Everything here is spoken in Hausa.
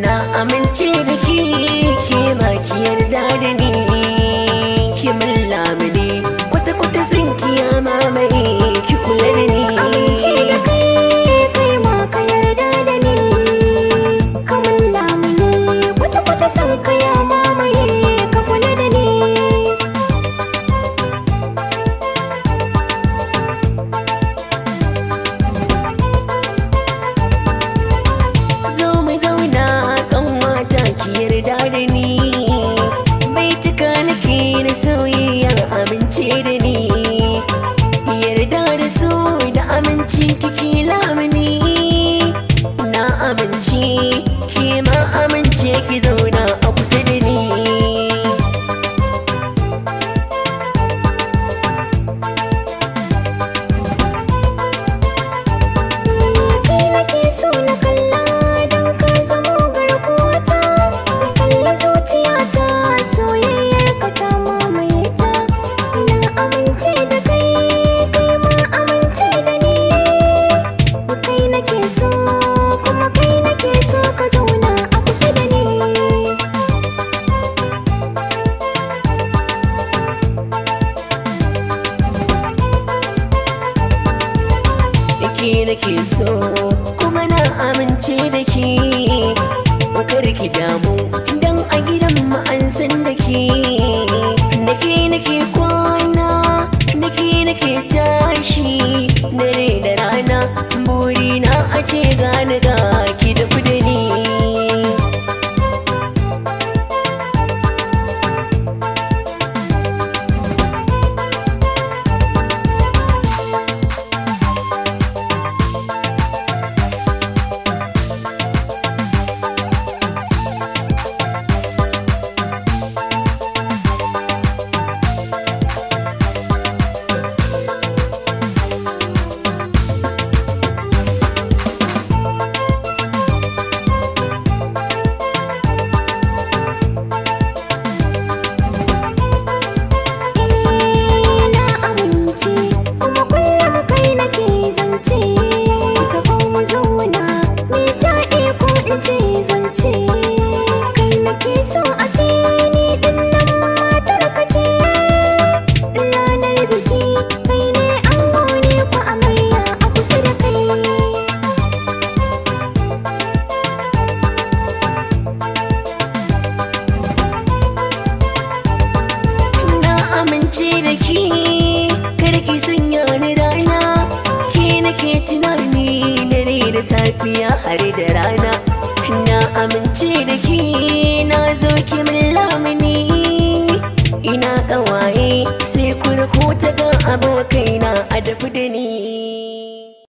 na amince da ki ki ba ki yarda da ni ki mun lamuni kwata-kwata nake da sauyi so kuma kai nake so ka zauna a kusa da ni Dake nake so kuma na amince da ke Bakar ki damu idan a gidan mu an san da ke Nake nake kwana nake nake tashi ce gani gani Ya har da rana na amince da ki na zo ki lamini, lamuni ina kawaye sai kurkuta ga abokaina a dafi da ni